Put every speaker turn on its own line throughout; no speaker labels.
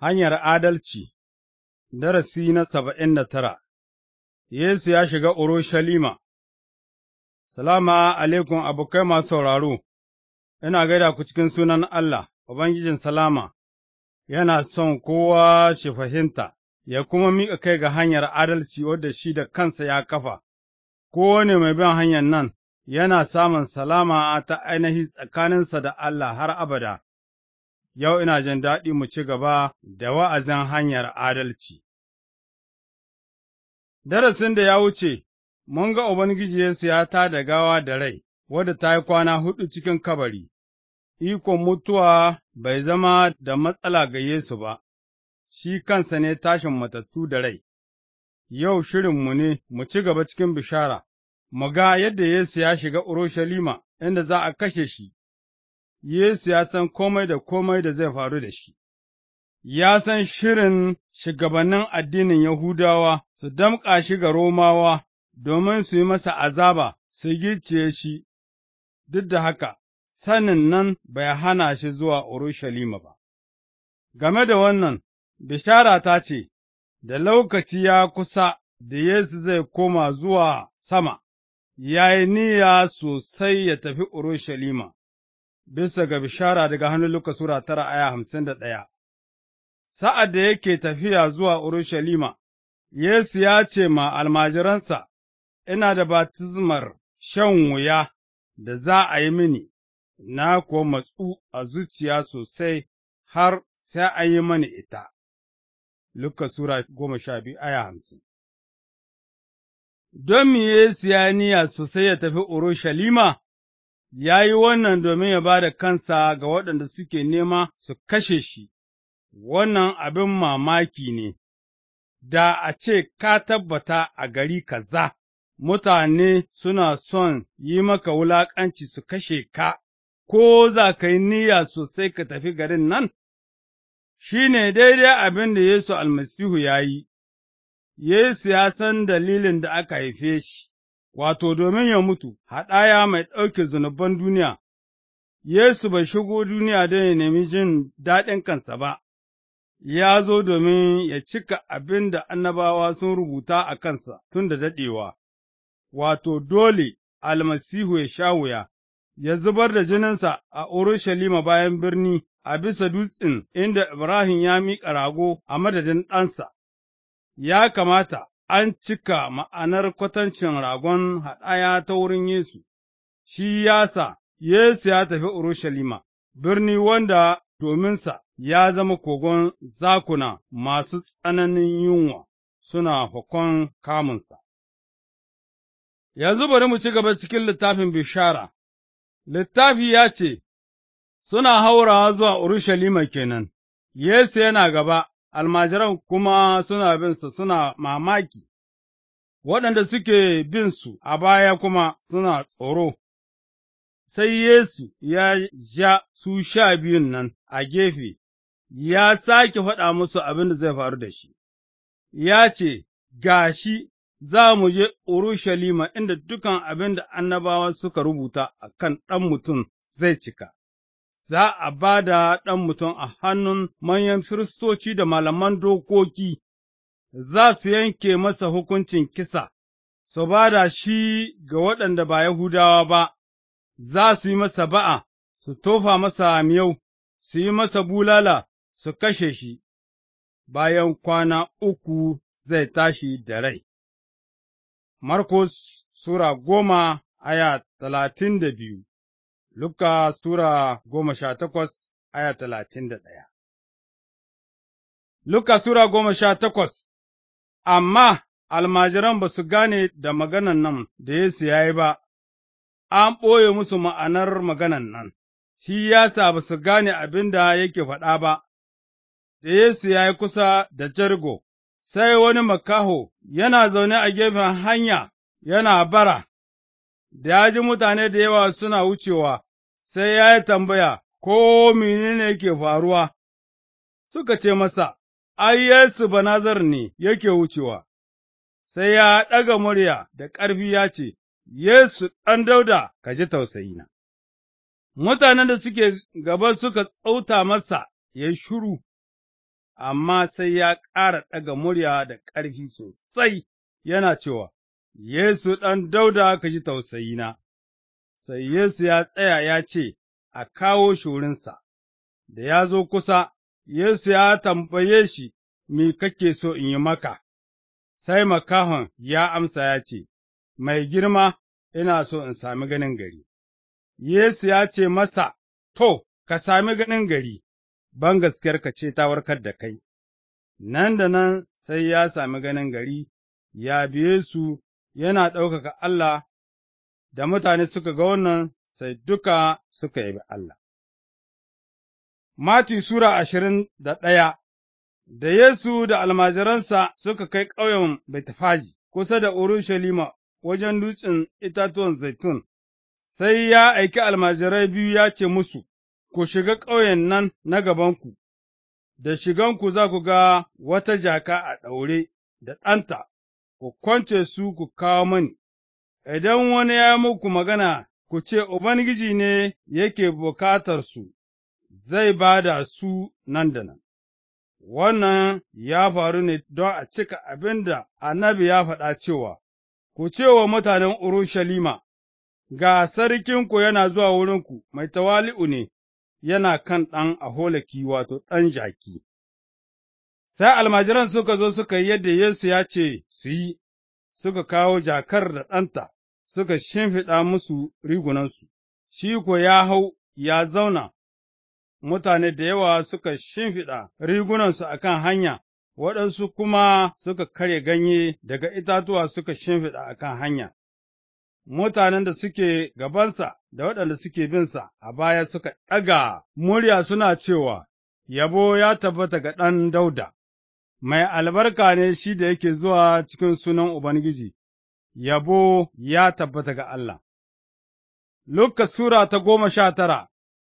Hanyar Adalci Darasi na saba'in da tara Yesu ya shiga Urushalima Salama alaikum abokai masu sauraro, ina gaida ku cikin sunan Allah, Ubangijin Salama, yana son kowa shi fahimta, ya kuma miƙa kai ga hanyar adalci wadda shi da kansa ya kafa, kowane mai bin hanyar nan yana samun salama ta ainihi tsakaninsa da Allah har abada. yau ina jin daɗi mu ci gaba da wa'azin hanyar adalci. Darasin da ya wuce, mun ga Ubangiji Yesu ya tā da gawa da rai, wadda ta yi kwana huɗu cikin kabari, ikon mutuwa bai zama da matsala ga Yesu ba, shi kansa ne tashin matattu da rai. Yau shirinmu ne mu ci gaba cikin bishara, mu ga yadda Yesu ya shiga Urushalima inda za a kashe shi, Yesu ya san komai da komai da zai faru da shi, ya san shirin shugabannin addinin Yahudawa su damƙa shi ga Romawa domin su yi masa azaba su gicciye shi, duk da haka sanin nan bai hana shi zuwa Urushalima ba. Game da wannan, bishara ta ce, da lokaci ya kusa da Yesu zai koma zuwa sama, ya yi niyya sosai ya tafi Urushalima, bisa ga bishara daga hannun Luka Sura tara aya hamsin da ɗaya. Sa'ad da yake tafiya zuwa Urushalima, Yesu ya ce ma almajiransa, Ina da batizmar shan wuya da za a yi mini, na kuwa matsu a zuciya sosai har sai an yi mani ita. Luka Sura goma sha biyu aya hamsin Don me Yesu ya niya sosai ya tafi Urushalima? ya yi wannan domin ya ba da kansa ga waɗanda suke nema su kashe shi, wannan abin mamaki ne, da a ce ka tabbata a gari kaza, mutane suna son yi maka wulaƙanci su kashe ka, ko za ka yi niyya sosai ka tafi garin nan? Shi ne daidai abin da Yesu almasihu ya yi, Yesu ya san dalilin da aka haife shi. wato, domin ya mutu, haɗaya mai ɗauke zunuban duniya, Yesu bai shigo duniya don ya nemi jin daɗin kansa ba, ya zo domin ya cika abin da annabawa sun rubuta a kansa tun da daɗewa, wato, dole almasihu ya sha wuya, ya zubar da jininsa a Urushalima bayan birni a bisa dutsen inda Ibrahim ya miƙa rago a madadin ɗansa, ya kamata an cika ma'anar kwatancin ragon haɗaya ta wurin Yesu, shi ya sa Yesu ya tafi Urushalima, birni wanda dominsa ya zama kogon zakuna masu tsananin yunwa suna fakon kamunsa. Yanzu bari mu ci gaba cikin littafin bishara, littafi ya ce, Suna haurawa zuwa Urushalima kenan, Yesu yana gaba, almajiran kuma suna binsa suna mamaki, waɗanda suke bin su a baya kuma suna tsoro. Sai Yesu ya ja su sha biyun nan a gefe, ya sake faɗa musu abin da zai faru da shi, ya ce, Ga shi za mu je Urushalima inda dukan abin da annabawa suka rubuta a kan ɗan mutum zai cika. za a ba da ɗan mutum a hannun manyan firistoci da malaman dokoki, za su yanke masa hukuncin kisa, su ba da shi ga waɗanda ba Yahudawa ba, za su yi masa ba'a, su tofa masa amiyau, su yi masa bulala, su kashe shi, bayan kwana uku zai tashi da rai. Markus Sura goma aya talatin da biyu Luka Sura goma sha takwas aya talatin da ɗaya Luka Sura goma sha takwas Amma almajiran ba su gane da maganan nan da Yesu ya yi ba, an ɓoye musu ma'anar maganan nan, shi ya sa ba su gane abin da yake faɗa ba, da Yesu ya yi kusa da jirgo, sai wani makaho yana zaune a gefen hanya yana bara, da ya ji mutane da yawa suna wucewa, sai ya yi tambaya, Ko menene yake faruwa? Suka ce masa, Ai, Yesu banazar ne yake wucewa, sai ya ɗaga murya da ƙarfi ya ce, Yesu ɗan dauda, ka ji na. Mutanen da suke gaba suka tsauta masa ya shiru, shuru, amma sai ya ƙara ɗaga murya da ƙarfi sosai, yana cewa, Yesu ɗan dauda, ka ji na. sai Yesu ya tsaya ya ce, A kawo shurinsa, da ya zo kusa, Yesu ya tambaye shi, Mi kake so in yi maka? Sai makahon ya amsa ya ce, Mai girma, ina so in sami ganin gari. Yesu ya ce masa, To, ka sami ganin gari, ban ka ce ta warkar da kai. Nan da nan sai ya sami ganin gari, ya biye su yana ɗaukaka Allah da mutane suka ga wannan sai duka suka yabi Allah. Mati Sura ashirin da ɗaya Da Yesu da almajiransa suka kai ƙauyen Betfaji kusa da Urushalima wajen dutsen itatuwan zaitun, sai ya aiki almajirai biyu ya ce musu, Ku shiga ƙauyen nan na gabanku, da shiganku za ku ga wata jaka a ɗaure da ɗanta, ku kwance su ku kawo mani, idan wani ya muku magana, ku ce Ubangiji ne yake bukatarsu, zai ba da su nan da nan. Wannan ya faru ne don a cika abin da annabi ya faɗa cewa, Ku ce wa mutanen Urushalima, Ga sarkinku yana zuwa wurinku, mai tawali'u ne, yana kan ɗan aholaki wato ɗan jaki. Sai almajiran suka zo suka yi yadda Yesu ya ce su yi, suka kawo jakar da ɗanta, suka shimfiɗa musu rigunansu, shi ko ya hau ya zauna, mutane da yawa suka shimfiɗa rigunansu a kan hanya, waɗansu kuma suka karya ganye daga itatuwa suka shimfiɗa a kan hanya. mutanen da suke gabansa da waɗanda suke binsa a baya suka ɗaga murya suna cewa, Yabo ya tabbata ga ɗan Dauda. mai albarka ne shi da yake zuwa cikin sunan Ubangiji, yabo ya tabbata ga Allah. Luka Sura ta goma sha tara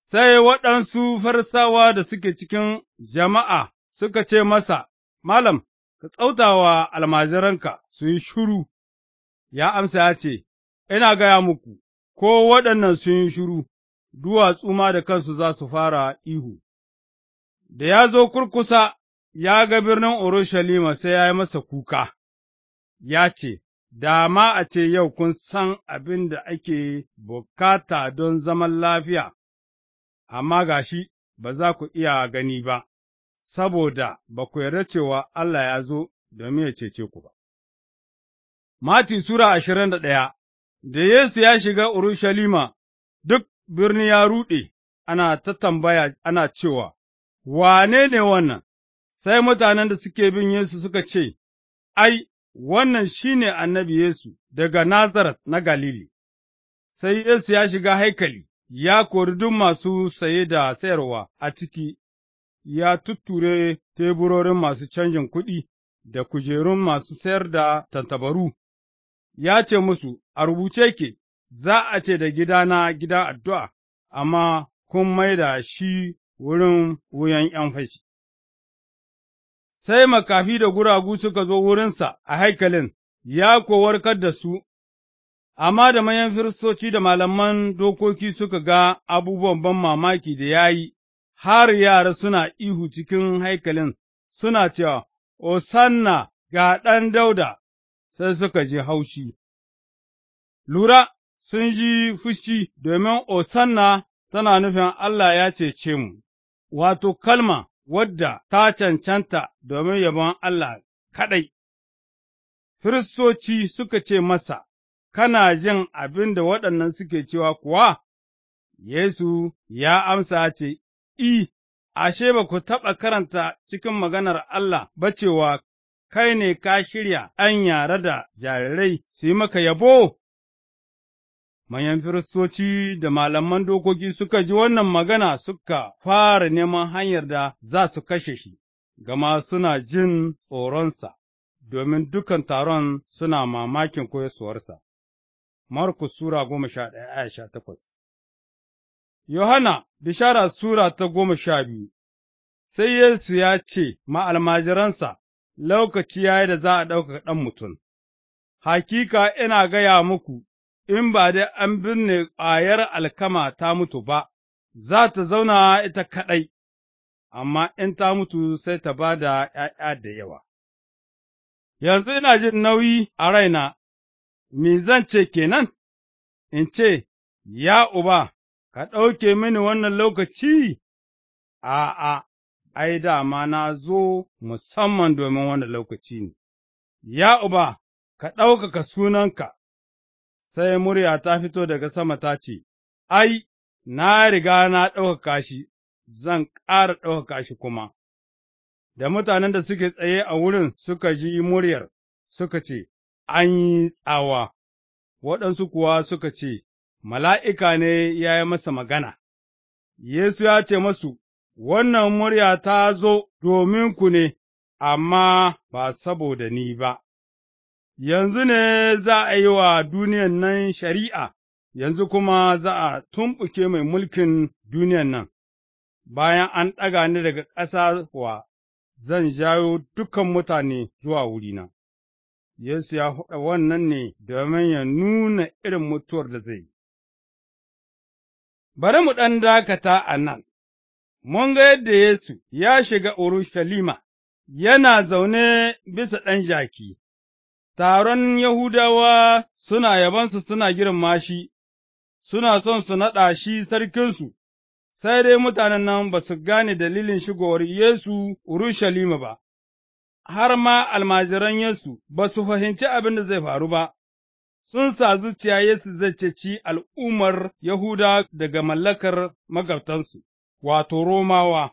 Sai waɗansu farsawa da suke cikin jama'a suka ce masa, Malam, ka tsautawa almajiranka su yi shuru, ya amsa ya ce, Ina gaya muku, ko waɗannan sun yi shuru, duwatsu ma da kansu za su fara ihu. Da ya zo kurkusa ya ga birnin Urushalima sai ya yi masa kuka, ya ce, Da ma a ce yau kun san abin da ake bukata don zaman lafiya, amma ga shi ba za ku iya gani ba, saboda ba ku yarda cewa Allah ya zo domin ya cece ku ba. Mati Sura ashirin da ɗaya Da Yesu ya shiga Urushalima, duk birni ya ruɗe, ana ta tambaya ana cewa, Wane ne wannan? sai mutanen da suke bin Yesu suka ce, Ai, wannan shi ne annabi Yesu daga Nazareth na Galili, sai Yesu ya shiga haikali, ya kori duk masu saye da sayarwa a ciki, ya tutture teburorin masu canjin kuɗi da kujerun masu sayar da tantabaru, ya ce musu, A rubuce ke, za a ce da gidana gidan addu'a, amma kun mai da shi wurin wuyan ’yan fashi. sai makafi da guragu suka zo wurinsa a haikalin, ya ko warkar da su, amma da manyan firistoci da malaman dokoki suka ga abubuwan ban mamaki da ya yi, har yara suna ihu cikin haikalin, suna cewa, Osanna ga ɗan dauda, sai suka ji haushi. Lura, sun ji fushi domin Osanna tana nufin Allah ya cece mu, wato kalma wadda ta cancanta domin yabon Allah kaɗai. Firistoci suka ce masa, Kana jin abin da waɗannan suke cewa kuwa? Yesu ya amsa ce, I, ashe ba ku taɓa karanta cikin maganar Allah ba cewa kai ne ka shirya an yare da jarirai su yi maka yabo? Manyan firistoci da malaman dokoki suka ji wannan magana suka fara neman hanyar da za su kashe shi, gama suna jin tsoronsa, domin dukan taron suna mamakin koyarsuwarsa. Markus Sura goma sha ɗaya sha takwas Yohana Bishara Sura ta goma sha biyu Sai Yesu ya ce ma'almajiransa Lokaci ya yi da za a ɗaukaka ɗan mutum, Hakika ina gaya muku, in ba dai an binne ƙwayar alkama ta mutu ba, za ta zauna ita kaɗai, amma in ta mutu sai ta ba da ’ya'ya da yawa. Yanzu ina jin nauyi a raina, me zan ce kenan? In ce, Ya Uba, ka ɗauke mini wannan lokaci? A'a, ai, dama na zo musamman domin wannan lokaci ne, Ya Uba, ka ɗaukaka sunanka. sai murya ta fito daga sama ta ce, Ai, na riga na ɗaukaka shi, zan ƙara ɗaukaka shi kuma. Da mutanen da suke tsaye a wurin suka ji muryar, suka ce, An yi tsawa, waɗansu kuwa suka ce, Mala'ika ne ya yi masa magana. Yesu ya ce masu, Wannan murya ta zo domin ku ne, amma ba saboda ni ba. yanzu ne za a yi wa duniyan nan shari'a, yanzu kuma za a tumɓuke mai mulkin duniyan nan, bayan an ɗaga ni daga ƙasa wa, zan jawo dukan mutane zuwa wurina. Yesu ya haɗa wannan ne domin ya nuna irin mutuwar da zai yi. Bari mu ɗan dakata a nan, mun ga yadda Yesu ya shiga Urushalima, yana zaune bisa ɗan jaki. taron Yahudawa suna yabansu suna girma mashi, suna son su naɗa shi sarkinsu, sai dai mutanen nan ba su gane dalilin shigowar Yesu Urushalima ba, har ma almajiran Yesu ba su fahimci abin da zai faru ba, sun sa zuciya Yesu zai ceci al'ummar Yahuda daga mallakar magabtansu, wato Romawa,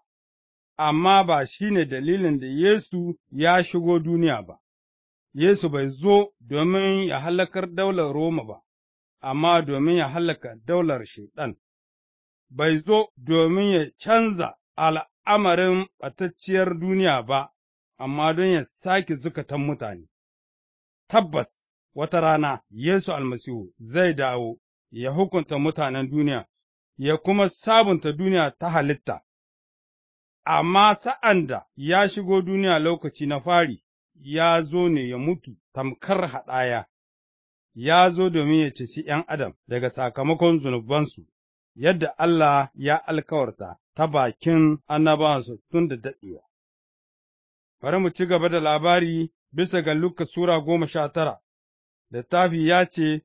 amma ba shi ne dalilin da Yesu ya shigo duniya ba. Yesu bai zo domin ya hallakar daular Roma ba, amma domin ya hallaka daular Shaiɗan, bai zo domin ya canza al'amarin ɓatacciyar duniya ba, amma don ya sake zukatan mutane. Tabbas, wata rana Yesu almasihu zai dawo ya hukunta mutanen duniya, ya kuma sabunta duniya ta halitta. amma sa'an da ya shigo duniya lokaci na fari, ya zo ne ya mutu tamkar haɗaya, ya zo domin ya ceci ’yan adam daga sakamakon zunubansu, yadda Allah ya alkawarta ta bakin annabansu tun da daɗewa. Bari mu ci gaba da labari bisa ga Luka Sura goma sha tara, littafi ya ce,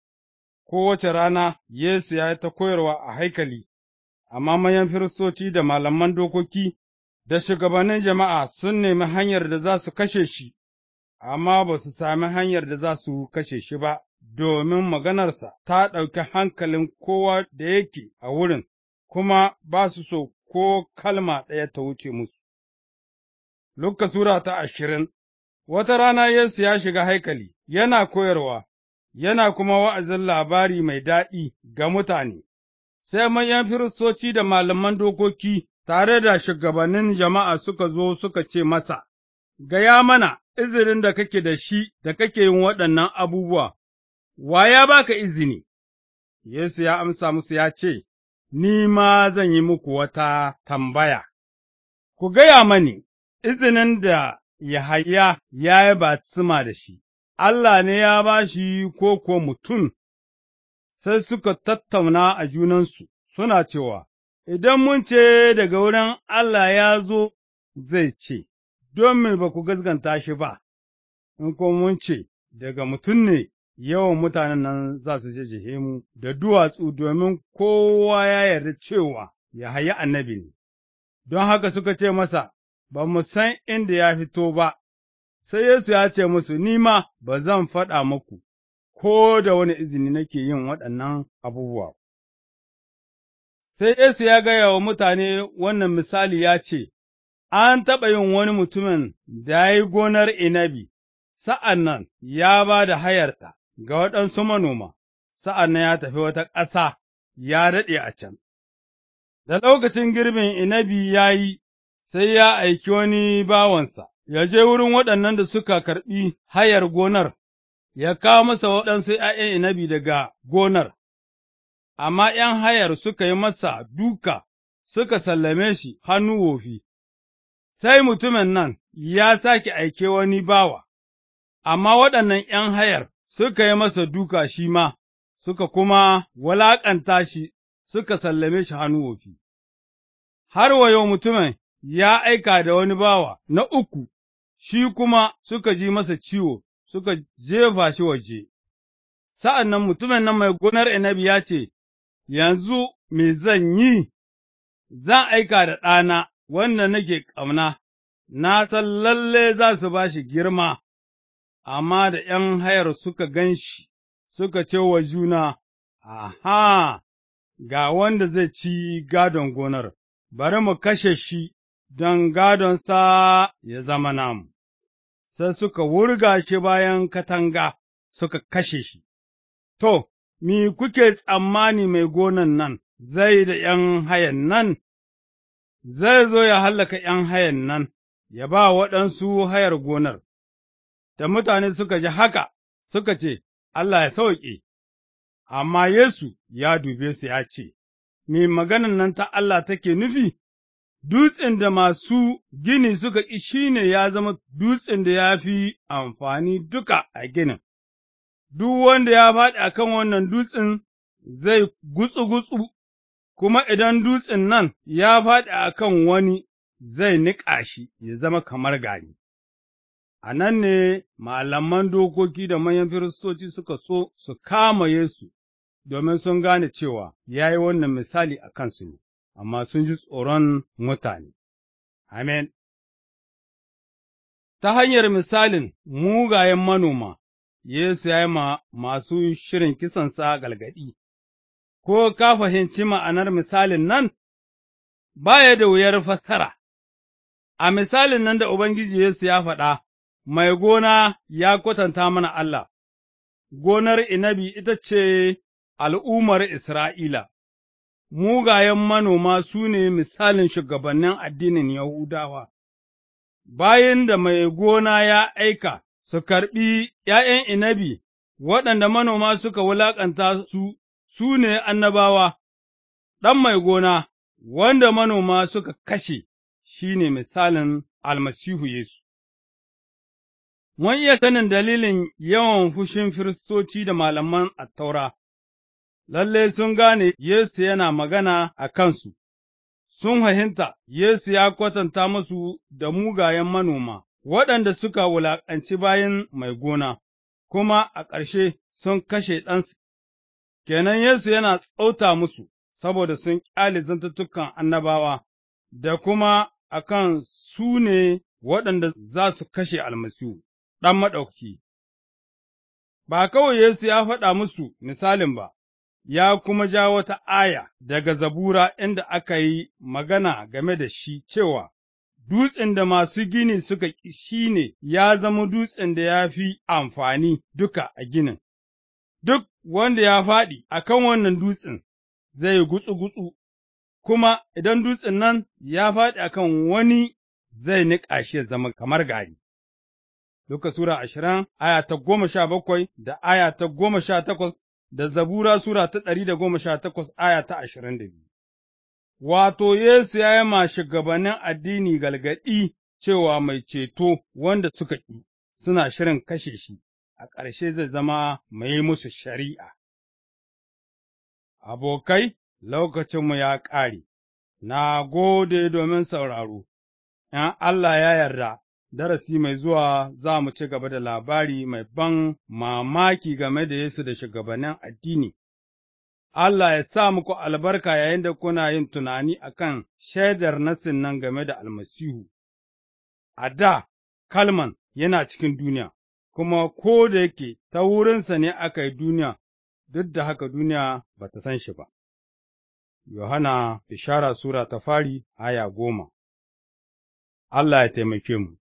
Kowace rana Yesu ya yi ta koyarwa a haikali, amma mayan firistoci da malaman dokoki da shugabannin jama'a sun nemi hanyar da za su kashe shi, amma ba su sami hanyar da za su kashe shi ba, domin maganarsa ta ɗauki hankalin kowa da yake a wurin, kuma ba su so ko kalma ɗaya ta wuce musu. Luka Sura ta ashirin Wata rana Yesu ya shiga haikali, yana koyarwa, yana kuma wa'azin labari mai daɗi ga mutane, sai manyan firistoci da malaman dokoki tare da shugabannin jama'a suka zo suka ce masa, gaya mana izinin da kake da shi da kake yin waɗannan abubuwa, wa ya baka izini? Yesu ya amsa musu ya ce, Ni ma zan yi muku wata tambaya, ku gaya mani izinin da Yahaya ya yi tsima da shi, Allah ne ya ba shi ko kuwa mutum, sai suka tattauna a junansu suna cewa, Idan mun ce daga wurin Allah ya zo, zai ce, Domin me ba ku gaskanta shi ba, in kuma mun ce, daga mutum ne yawan mutanen nan za su je mu da duwatsu domin kowa ya yarda cewa ya hayi annabi ne, don haka suka ce masa, Ba mu san inda ya fito ba, sai Yesu ya ce musu, Ni ma ba zan faɗa muku, ko da wani izini nake yin waɗannan abubuwa. Sai Yesu ya gaya wa mutane wannan misali ya ce, an taɓa yin wani mutumin da ya yi gonar inabi, sa'an nan ya ba da hayarta ga waɗansu manoma, sa'an nan ya tafi wata ƙasa ya daɗe a can. Da lokacin girbin inabi ya yi, sai ya aiki wani bawansa, ya je wurin waɗannan da suka karɓi hayar gonar, ya kawo masa waɗansu ’ya'yan inabi daga gonar, amma ’yan hayar suka yi masa duka, suka sallame shi hannu wofi. sai mutumin nan ya sake aike wani bawa, amma waɗannan ’yan hayar suka yi masa duka shi ma, suka kuma walaƙanta shi suka sallame shi hannu wofi. Har wa yau mutumin ya aika da wani bawa na uku, shi kuma suka ji masa ciwo suka jefa shi waje. Sa'an nan mutumin nan mai gunar inabi ya ce, Yanzu me zan yi, zan aika da ɗana wanda nake ƙauna, na san lalle za su ba shi girma, amma da ’yan hayar suka gan shi, suka ce wa juna, Aha, ga wanda zai ci gadon gonar, bari mu kashe shi don gadonsa ya zama namu, sai suka wurga shi bayan katanga suka kashe shi. To, mi kuke tsammani mai gonan nan zai da ’yan hayan nan? zai zo ya hallaka ’yan hayan nan, ya ba waɗansu hayar gonar, da mutane suka ji haka suka ce, Allah ya sauƙe, amma Yesu ya dube su ya ce, Me maganan nan ta Allah take nufi, dutsen da masu gini suka ƙi shi ne ya zama dutsen da ya fi amfani duka a ginin, duk wanda ya faɗi a kan wannan dutsen zai gutsu-gutsu kuma idan dutsen nan ya faɗi a kan wani zai niƙa shi ya zama kamar gari. A nan ne malaman dokoki da manyan firistoci suka so su kama Yesu, domin sun gane cewa ya yi wannan misali a kansu ne, amma sun ji tsoron mutane. Amen. Ta hanyar misalin mugayen manoma, Yesu ya yi ma masu shirin kisansa galgadi, ko ka fahimci ma'anar misalin nan, ba ya da wuyar fassara, a misalin nan da Ubangiji Yesu ya faɗa, mai gona ya kwatanta mana Allah, gonar inabi ita ce al'ummar Isra'ila, mugayen manoma su ne misalin shugabannin addinin Yahudawa, bayan da mai gona ya aika su karɓi ’ya'yan inabi waɗanda manoma suka wulaƙanta su su ne annabawa, ɗan mai gona, wanda manoma suka kashe, shi ne misalin almasihu Yesu. Mun iya sanin dalilin yawan fushin firistoci da malaman attaura, lalle sun gane Yesu yana magana a kansu, sun fahimta Yesu ya kwatanta musu da mugayen manoma, waɗanda suka wulaƙanci bayan mai gona, kuma a ƙarshe sun kashe ɗansa Kenan Yesu yana tsauta musu saboda sun ƙyale zantattukan annabawa, da kuma akan su ne waɗanda za su kashe almasihu, ɗan maɗauki. Ba kawai Yesu ya faɗa musu misalin ba, ya kuma ja wata aya daga zabura inda aka yi magana game da shi cewa, Dutsen da masu gini suka ƙi shi ne ya zama dutsen da ya fi amfani duka a ginin. Duk wanda ya faɗi a kan wannan dutsen zai gutsu-gutsu, kuma idan dutsen nan ya faɗi a kan wani zai niƙa shi ya zama kamar gari. Luka Sura ashirin aya ta goma sha bakwai da aya ta goma sha takwas da Zabura Sura ta ɗari da goma sha takwas aya ta ashirin da biyu. Wato, Yesu ya yi ma shugabannin addini galgaɗi cewa mai ceto wanda suka ƙi suna shirin kashe shi, a ƙarshe zai zama mai musu shari'a. Abokai, lokacinmu ya ƙare, na gode domin sauraro, ’yan Allah ya yarda, darasi mai zuwa za mu ci gaba da labari mai ban mamaki game da Yesu da shugabannin addini. Allah ya sa muku albarka yayin da kuna yin tunani a kan shaidar nassin nan game da almasihu. A da, Kalman yana cikin duniya, kuma ko da yake ta wurinsa ne aka yi duniya, duk da haka duniya ba ta san shi ba. Yohana Bishara Sura ta fari aya goma Allah ya taimake mu.